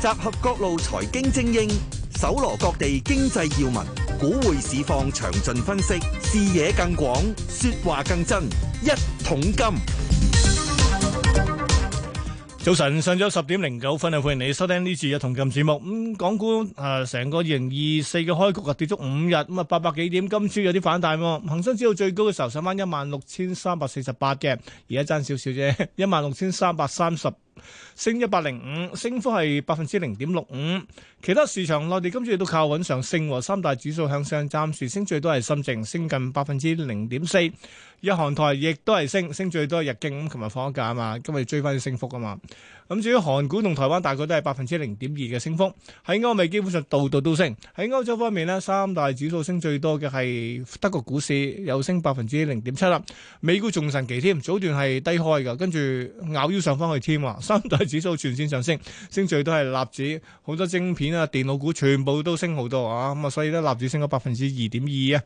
集合各路財經精英，搜羅各地經濟要聞，股匯市況詳盡分析，視野更廣，說話更真。一桶金。早晨，上咗十點零九分，歡迎你收聽呢次嘅一桶金節目。咁港股誒，成個二零二四嘅開局啊，跌足五日，咁啊八百幾點，今朝有啲反彈喎。恒生指數最高嘅時候上翻一萬六千三百四十八嘅，而家爭少少啫，一萬六千三百三十。升一百零五，升幅係百分之零點六五。其他市場內地今次都靠穩上升，升和三大指數向上，暫時升最多係深圳，升近百分之零點四。日韓台亦都係升，升最多日經。咁琴日放咗假啊嘛，今日追翻啲升幅啊嘛。咁至於韓股同台灣，大概都係百分之零點二嘅升幅。喺歐美基本上度度都，都升。喺歐洲方面呢，三大指數升最多嘅係德國股市，有升百分之零點七啦。美股仲神奇添，早段係低開嘅，跟住咬腰上翻去添啊！三大指數全線上升，升最都係納指，好多晶片啊、電腦股全部都升好多啊，咁啊，所以咧納指升咗百分之二點二啊，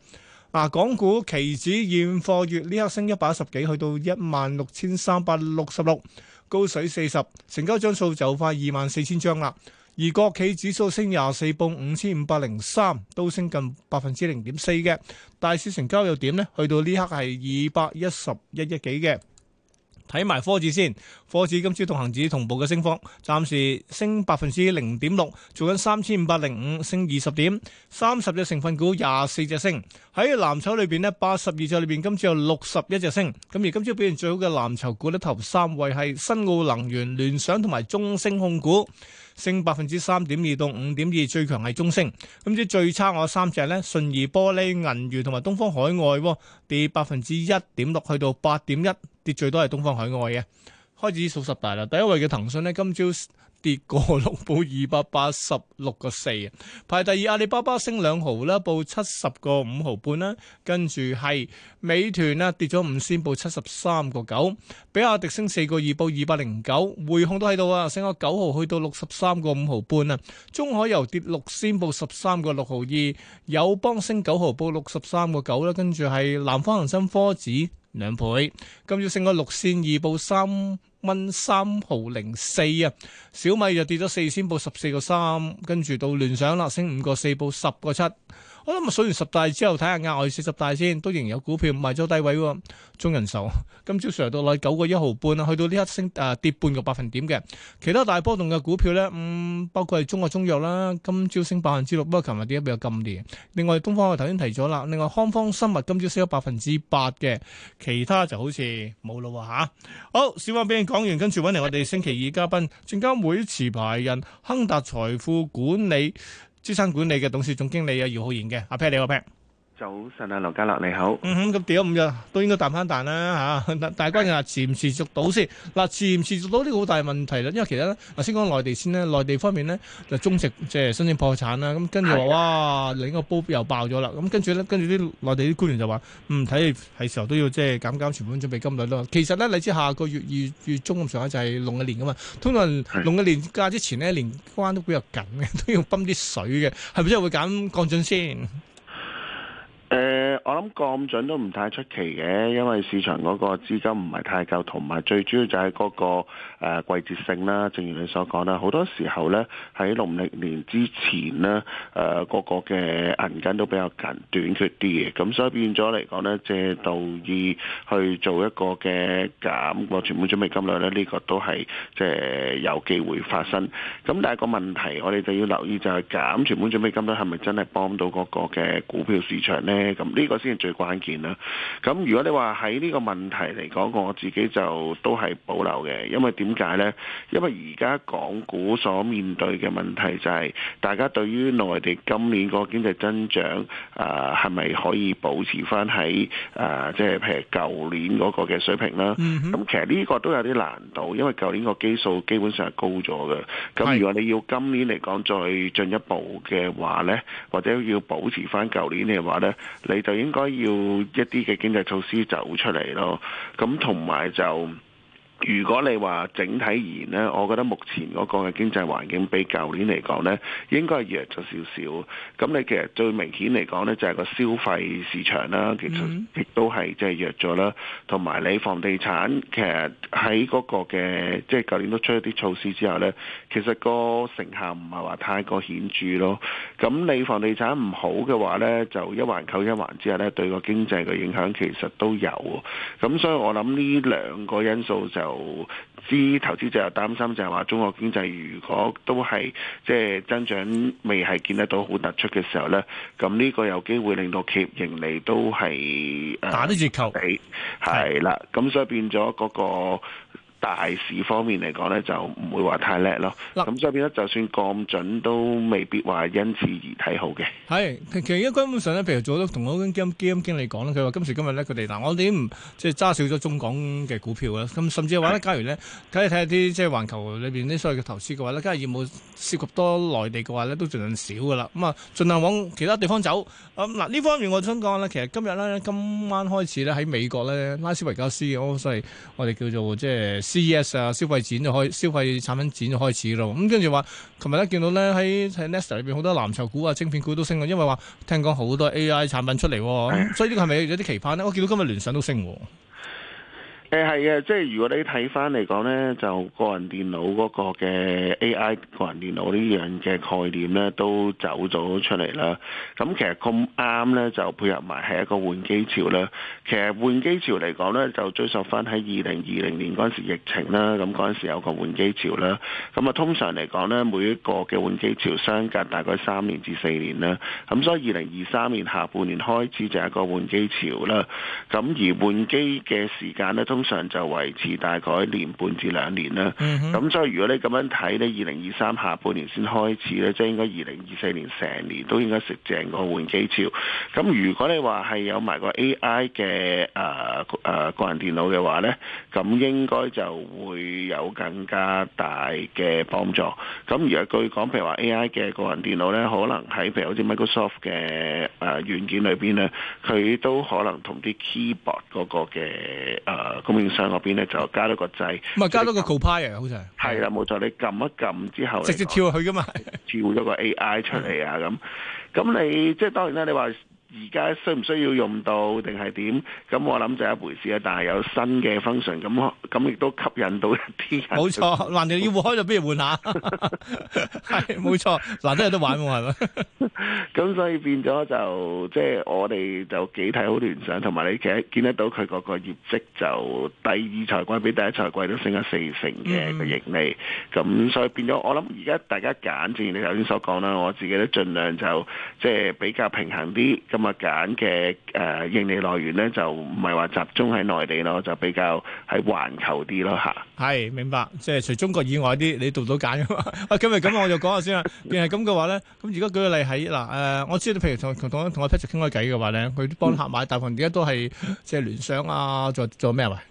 啊港股期指現貨月呢刻升一百一十幾，去到一萬六千三百六十六，高水四十，成交張數就快二萬四千張啦，而國企指數升廿四，報五千五百零三，都升近百分之零點四嘅，大市成交又點呢？去到呢刻係二百一十一億幾嘅。睇埋科指先，科指，今朝同恒指同步嘅升幅，暫時升百分之零點六，做緊三千五百零五，升二十點，三十隻成分股廿四隻升。喺藍籌裏邊呢，八十二隻裏邊今朝有六十一隻升。咁而今朝表現最好嘅藍籌股呢，頭三位係新奧能源、聯想同埋中升控股，升百分之三點二到五點二，最強係中升。今朝最差我三隻呢，信義玻璃、銀娛同埋東方海外，跌百分之一點六，去到八點一。跌最多係東方海外嘅，開始數十大啦。第一位嘅騰訊呢，今朝跌過六，報二百八十六個四啊。排第二阿里巴巴升兩毫啦，報七十個五毫半啦。跟住係美團啊，跌咗五仙報七十三個九。比亞迪升四個二，報二百零九。匯控都喺度啊，升咗九毫，去到六十三個五毫半啊。中海油跌六仙報十三個六毫二。友邦升九毫，報六十三個九啦。跟住係南方恒生科指。兩倍，今朝升個六線二，報三蚊三毫零四啊！小米又跌咗四線，報十四個三，跟住到聯想啦，升五個四，報十個七。我諗咪數完十大之後，睇下額外四十大先，都仍然有股票賣咗低位喎。中人壽今朝上來到嚟九個一毫半啦，去到呢一刻升、呃、跌半個百分點嘅。其他大波動嘅股票呢，嗯，包括係中國中藥啦，今朝升百分之六，不過琴日點解比較勁啲？另外東方我頭先提咗啦，另外康方生物今朝升咗百分之八嘅，其他就好似冇啦吓。好，小馬俾你講完，跟住搵嚟我哋星期二嘉賓，證監會持牌人，亨達財富管理。資產管理嘅董事總經理有姚浩然嘅阿 Pat，你好，阿 Pat。早晨啊，劉家樂你好。嗯哼，咁跌咗五日，都應該彈返彈啦吓。大家又話持唔持續到先。嗱、啊，持唔持續到呢個好大問題啦。因為其實咧，嗱，先講內地先咧，內地方面咧就中植即係申請破產啦。咁、嗯、跟住話哇，另一個煲又爆咗啦。咁跟住咧，跟住啲內地啲官員就話唔睇係時候都要即係減減存款準備金率咯。其實咧，你知下個月二月，月中咁上下就係龍嘅年㗎嘛。通常龍嘅年假之前咧，連關都比較緊嘅，都要泵啲水嘅，係咪即係會減降準先？誒、呃，我諗降準都唔太出奇嘅，因為市場嗰個資金唔係太夠，同埋最主要就係嗰、那個、呃、季節性啦。正如你所講啦，好多時候咧喺農曆年之前咧，誒、呃、個個嘅銀根都比較緊短、短缺啲嘅，咁所以變咗嚟講咧，借道意去做一個嘅減個存款準備金率咧，呢、這個都係即係有機會發生。咁但係個問題，我哋就要留意就係減存款準備金率係咪真係幫到嗰個嘅股票市場咧？咁呢個先係最關鍵啦。咁如果你話喺呢個問題嚟講，我自己就都係保留嘅，因為點解呢？因為而家港股所面對嘅問題就係、是、大家對於內地今年個經濟增長係咪、啊、可以保持翻喺，即係譬如舊年嗰個嘅水平啦？咁、mm -hmm. 其實呢個都有啲難度，因為舊年個基數基本上係高咗嘅。咁如果你要今年嚟講再進一步嘅話呢，或者要保持翻舊年嘅話呢。你就應該要一啲嘅經濟措施走出嚟咯，咁同埋就。如果你話整體而言呢，我覺得目前嗰個嘅經濟環境比舊年嚟講呢應該係弱咗少少。咁你其實最明顯嚟講呢，就係個消費市場啦，其實亦都係即係弱咗啦。同埋你房地產其在那、就是，其實喺嗰個嘅即係舊年都出一啲措施之後呢，其實個成效唔係話太過顯著咯。咁你房地產唔好嘅話呢，就一環扣一環之後呢，對個經濟嘅影響其實都有。咁所以我諗呢兩個因素就。投資投資者又擔心就係話中國經濟如果都係即係增長未係見得到好突出嘅時候咧，咁呢個有機會令到企業盈利都係、呃、打啲折扣，係啦，咁所以變咗嗰個。大市方面嚟講咧，就唔會話太叻咯。咁所以變咗，就算降準都未必話因此而睇好嘅。係，其實而家根本上咧，譬如做咗同嗰間基金經理講啦，佢話今時今日咧，佢哋嗱我哋唔即係揸少咗中港嘅股票啦。咁甚至話咧，假如咧睇下睇下啲即係環球裏邊啲所有嘅投資嘅話咧，梗係業務涉及多內地嘅話咧，都儘量少噶啦。咁啊，儘量往其他地方走。咁嗱呢方面，我想講咧，其實今日咧，今晚開始咧，喺美國咧，拉斯維加斯，所以我所謂我哋叫做即係。CES 啊，消費展就開，消費產品展就開始咯。咁跟住話，琴日咧見到咧喺喺 Nest 裏邊好多藍籌股啊、晶片股都升啊，因為話聽講好多 AI 產品出嚟，喎，所以呢個係咪有啲期盼咧？我見到今日聯想都升喎。誒係嘅，即係如果你睇翻嚟講呢，就個人電腦嗰個嘅 AI 個人電腦呢樣嘅概念呢，都走咗出嚟啦。咁其實咁啱呢，就配合埋係一個換機潮啦。其實換機潮嚟講呢，就追溯翻喺二零二零年嗰陣時疫情啦，咁嗰陣時有個換機潮啦。咁啊，通常嚟講呢，每一個嘅換機潮相隔大概三年至四年啦。咁所以二零二三年下半年開始就係個換機潮啦。咁而換機嘅時間咧，通上就維持大概一年半至兩年啦。咁、嗯、所以如果你咁樣睇咧，二零二三下半年先開始咧，即係應該二零二四年成年都應該食正個換機潮。咁如果你話係有埋個 AI 嘅誒誒個人電腦嘅話咧，咁應該就會有更加大嘅幫助。咁而據講，譬如話 AI 嘅個人電腦咧，可能喺譬如好似 Microsoft 嘅誒軟件裏邊咧，佢都可能同啲 keyboard 嗰個嘅誒。呃供應商嗰邊咧就加多個掣，咪加多個 Copilot 啊，好似係。係啦，冇錯，你撳一撳之後，直接跳去噶嘛，調咗個 AI 出嚟啊，咁， 咁你即係當然啦，你話而家需唔需要用到定係點？咁我諗就係一回事啊，但係有新嘅 function，咁咁亦都吸引到一啲人錯。冇錯，橫掂要換開就不如換下，係冇錯，嗱都有得玩喎，係 咪？咁 所以變咗就即係我哋就幾睇好聯想，同埋你其實見得到佢嗰個業績，就第二財季比第一財季都升咗四成嘅個、嗯、盈利。咁所以變咗，我諗而家大家揀，正如你頭先所講啦，我自己都盡量就即係比較平衡啲咁啊揀嘅誒盈利來源呢，就唔係話集中喺內地咯，就比較喺環球啲咯吓。係明白，即係除中國以外啲，你讀到揀啊嘛。啊今日咁，我就講下先啊。變係咁嘅話呢，咁而家舉個例嗱、啊，我知道，譬如同同同阿 Patrick 傾開偈嘅話咧，佢幫客買大部分而家都係即係聯想啊，做做咩位、啊？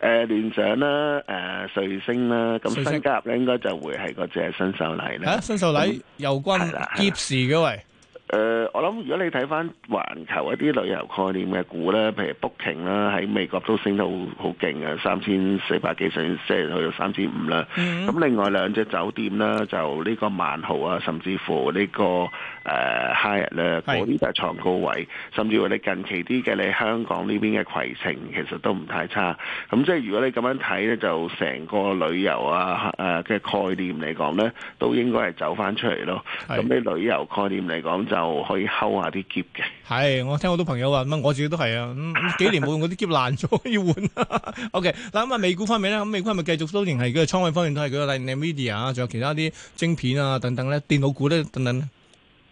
誒、呃，聯想啦、啊呃，瑞星啦、啊，咁新加入咧，應該就會係嗰隻新秀禮咧。嚇、啊，新秀禮，遊、嗯、軍，劫時嘅位。喂誒、呃，我諗如果你睇翻環球一啲旅遊概念嘅股咧，譬如 Booking 啦，喺美國都升到好勁呀，三千四百幾，升即係去到三千五啦。咁、mm -hmm. 另外兩隻酒店啦，就呢個萬豪啊，甚至乎呢、呢個誒 Hyatt 咧，嗰啲都係創高位。甚至乎你近期啲嘅你香港呢邊嘅攜程，其實都唔太差。咁即係如果你咁樣睇咧，就成個旅遊啊嘅、啊、概念嚟講咧，都應該係走翻出嚟咯。咁啲旅遊概念嚟講就。就可以摳下啲喼嘅，係我聽好多朋友話，咁我自己都係啊，幾年冇用嗰啲喼爛咗可以換。OK，嗱咁啊，美、okay, 股方面咧，咁美股係咪繼續都仍然係佢嘅？倉位方面都係佢嘅，例如 NVIDIA 啊，仲有其他啲晶片啊等等咧，電腦股咧等等呢。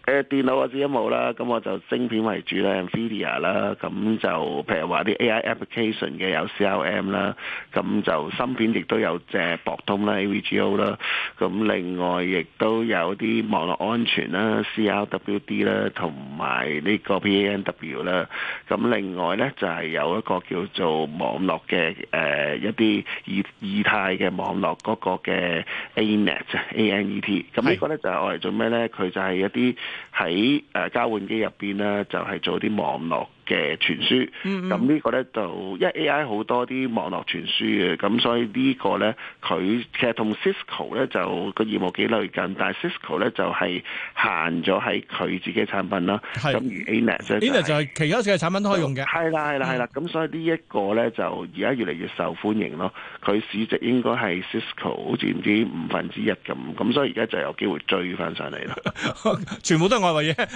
誒電腦我只一冇啦，咁我就晶片為主啦，NVIDIA 啦，咁就譬如話啲 AI application 嘅有 CRM 啦，咁就芯片亦都有即係博通啦，AVGO 啦，咁另外亦都有啲網絡安全啦，CLWD 啦，同埋呢個 PANW 啦，咁另外咧就係有一個叫做網絡嘅誒一啲以以太嘅網絡嗰個嘅 A-net ANET，咁呢個咧就係我嚟做咩咧？佢就係一啲。喺誒交換機入邊咧，就係做啲網絡嘅傳輸，咁呢個咧就因為 AI 好多啲網絡傳輸嘅，咁所以呢個咧佢其實同 Cisco 咧就個業務幾類近，但係 Cisco 咧就係限咗喺佢自己產品啦。咁而 Anet 咧，Anet 就係其他嘅產品都可以用嘅，係啦，係啦，係啦。咁所以呢一個咧就而家越嚟越受歡迎咯。佢市值應該係 Cisco 好似唔知五分之一咁，咁所以而家就有機會追翻上嚟咯。全部都係外圍嘢，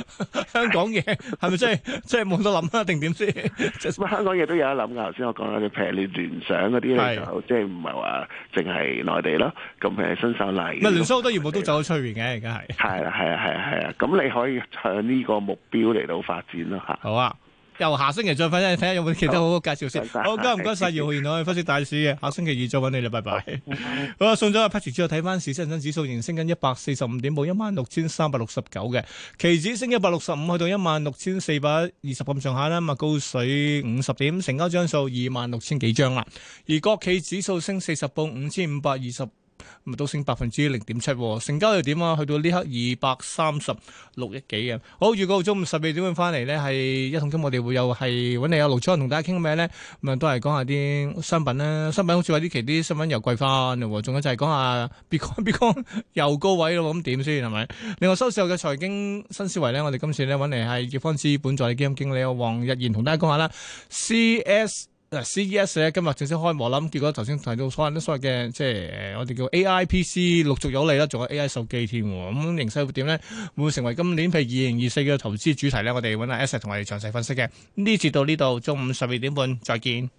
香港嘢，係咪即係即係冇得諗？一定點先？咁香港嘢都有得諗㗎。頭先我講啦，你譬如你聯想嗰啲咧，就即係唔係話淨係內地咯？咁譬如，新手嚟，唔係聯想好多業務都走咗出邊嘅，而家係。係啦，係啦，係啦，係啦。咁你可以向呢個目標嚟到發展咯，吓。好啊。由下星期再翻睇下有冇其他好好介紹先。好，唔該晒，謝謝姚浩然 分析大市嘅。下星期二再揾你啦，拜拜。好，好好送咗個 patch 之後睇翻市，恒生指數仍升緊一百四十五點，報一萬六千三百六十九嘅。期指升一百六十五，去到一萬六千四百二十咁上下啦，咁啊高水五十點，成交張數二萬六千幾張啦。而國企指數升四十，報五千五百二十。咪都升百分之零點七，成交又點啊？去到呢刻二百三十六億幾啊！好，預告中午十二點翻嚟呢，係一桶金我哋會又係搵嚟有盧昌同大家傾咩呢？咁啊，都係講下啲商品啦，商品好似話呢期啲新品又貴翻喎。仲有就係講下 B 股，B 股又高位咯，咁點先係咪？另外收市後嘅財經新思維呢，我哋今次呢，搵嚟係葉方資本助理基金經理黃日賢同大家講下啦。C S 嗱，CES 咧今日正式開幕啦，咁結果頭先提到所謂嘅即係誒，我哋叫 A I P C 陸續有利啦，仲有 A I 手機添，咁形勢會點咧？會成為今年譬如二零二四嘅投資主題咧？我哋揾下 Sir 同我哋詳細分析嘅。呢節到呢度，中午十二點半再見。